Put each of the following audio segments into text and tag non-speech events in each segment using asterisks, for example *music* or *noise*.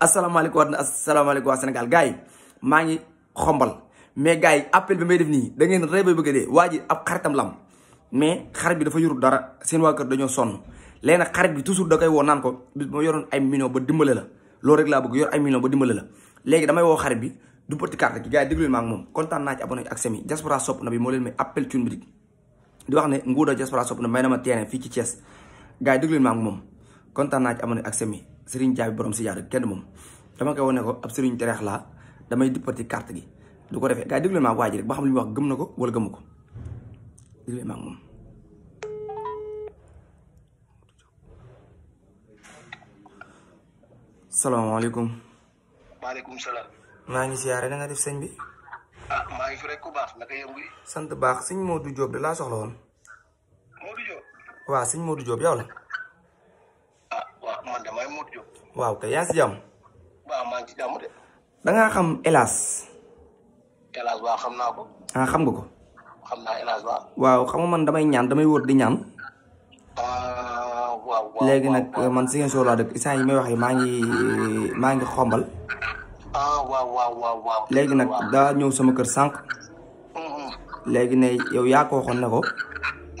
asalaamaaleykum wa asalaamaaleykum waa Sénégal gars yi maa ngi xombal mais gars yi appel bi may def nii da ngeen rey ba bëgg a dee waa ji ab xaritam lam mais xarit bi dafa yorul dara seen waa kër dañoo sonn léegi nag xarit bi toujours da koy woo naan ko bis ma yoroon ay million ba dimbale la loolu rek laa bëgg yor ay million ba dimbale la léegi damay woo xarit bi du petit carte gi gars yi déglu leen maa ngi moom kontaan naa ci abonné ak semi diaspora sopp bi moo leen may appel di wax ne nguur a diaspora sopp na may na ma teene fii ci Thiès gars yi déglu moom kontaan naa ci ak semi sëriñ jaabi borom si jaada kenn mom dama koy woné ko ab sëriñ tereex la damay dipoti carte gi du ko defee gars yi déglu maa rek ba xam lu wax gëm nako ko wala gëmu ko mom maa alaykum wa alaykum salam ma ngi ziaré na nga def sëñ bi ah ma ngi fi rek ku baax naka yëngu sant bax sëñ Modou job la soxla won Modou job wa sëñ Modou job yow la waaw kay yaa si jàmm. waaw maa ngi ci xam hélas. waaw xam naa ko. ah nga ko. xam naa waaw. waaw xam nga man damay ñaan damay wër di ñaan. Ah, léegi nag man si ngeen soxlaa dëkk isaan yi may wax maa ngi maa ngi xombal. ah léegi nag daa ñëw sama kër sànq. léegi ne yow yaa ko waxoon ne ko.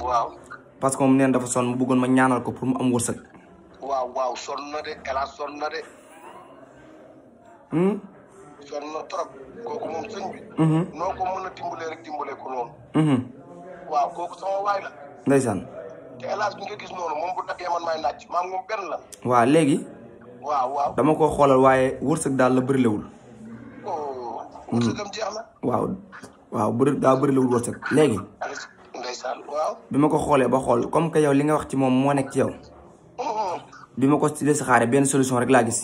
waaw. parce que moom neen dafa sonn mu bëggoon ma ñaanal ko pour mu am wërsëg. waaw sol sonn na de El Hadj sonn na de. Hmm? sonn na trop kooku moom sëñ bi. Hmm. noo ko mën a dimbalee rek dimbale ko noonu. Hmm. waaw kooku sama waay la. ndeysaan. te El bi nga gis noonu moom bu daggee man maay naaj maam moom benn la. waaw léegi. waaw waaw dama koo xoolal waaye wërsëg daal la bërilewul. oh wërsëgam jeex na. waaw waaw bëri daa bërilewul wërsëg léegi. ndeysaan waaw. bi ma ko xoolee ba xool comme que yow li nga wax ci moom moo nekk ci yow. bi ma ko des xaare benn solution rek laa gis.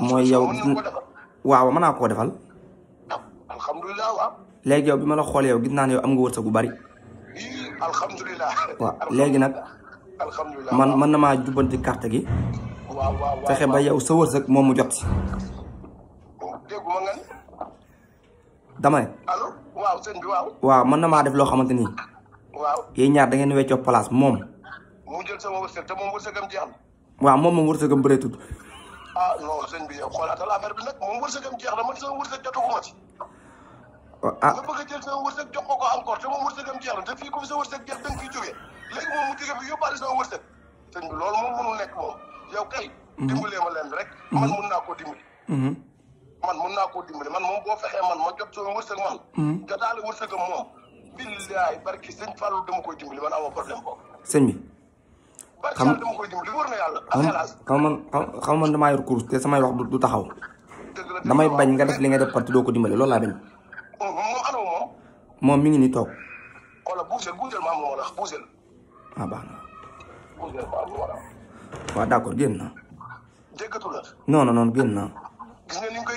mooy yow waaw mën naa koo defal. alhamdulilah waaw. léegi yow bi ma la xoolee yow gis naa ne yow am nga wërsëg bu bari. alhamdulilah. waaw *laughs* léegi nag. alhamdulilah man mën na maa jubbanti carte gi. waaw fexe ba yow sa wërsëg moom mu jot. dama ne. waaw sëñ mën na maa def loo xamante ni. waaw ñaar da ngeen weccoo place moom. mu jël sama wërsëg te moom wërsëgam jeex na. waaw moom moom wërsëgam bëreetul. ah non sëñ bi yow xoolaatal affaire bi nag moom wërsëgam jeex na man sama wërsëg jotaguma ci. ah nga bëgg a jël sama wërsëg jox ko ko encore te moom wërsëgam jeex na te fii comme sa wërsëg jeex da nga fiy jógee léegi moom mu jógee fi yóbbaale sama wërsëg sëñ bi loolu moom mënul nekk moom yow kay. Mhm. dimbalee ma leen rek. Mhm. man mun naa koo dimbali. Mhm. man mun naa koo dimbali man moom boo fexee man ma jot sama wërsëg man. jotaale wërsëgam moom. billaay barki sëñ Fallou dama koy dimbali man amoo problème boobu. sëñ bi. xam xaw man xaw man damaa yor course te samay wax du taxaw damay bañ nga def li nga def parti doo ko dimbale loolu laa bañ. moom mi ngi ni toog. ah baax na. génn naa. non non génn naa.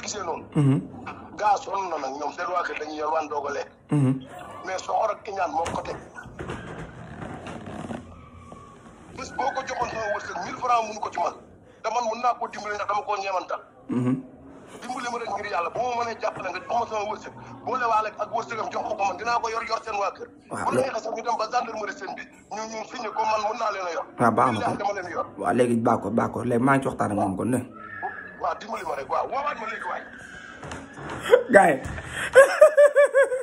gis mhm. gaa sonn na nag ñoom seen waa kër dañuy yor waan doog a lekk. Mhm. mais soxor ak iñaan moo ko bis boo ko joxoon sama wërsëg mille francs mënu ko ci man te man mën naa koo dimbali ndax dama koo ñeemantal mhm. dimbali ma rek ngir yàlla bu ma mënee jàppale nga jox ma sama wërsëg boole waale ak wërsëgam jox ko ko man dinaa ko yor yor seen waa kër bu neexee sax ñu dem ba gendarmerie seen bi ñu ñu signé ko man mën naa leen a yor waaw baax na ko dama leen yor waaw léegi baax ko baax ko léegi maa ngi ci waxtaan ak moom kon ne waaw dimbali ma rek waaw woowaat ma léegi waay gaay *laughs*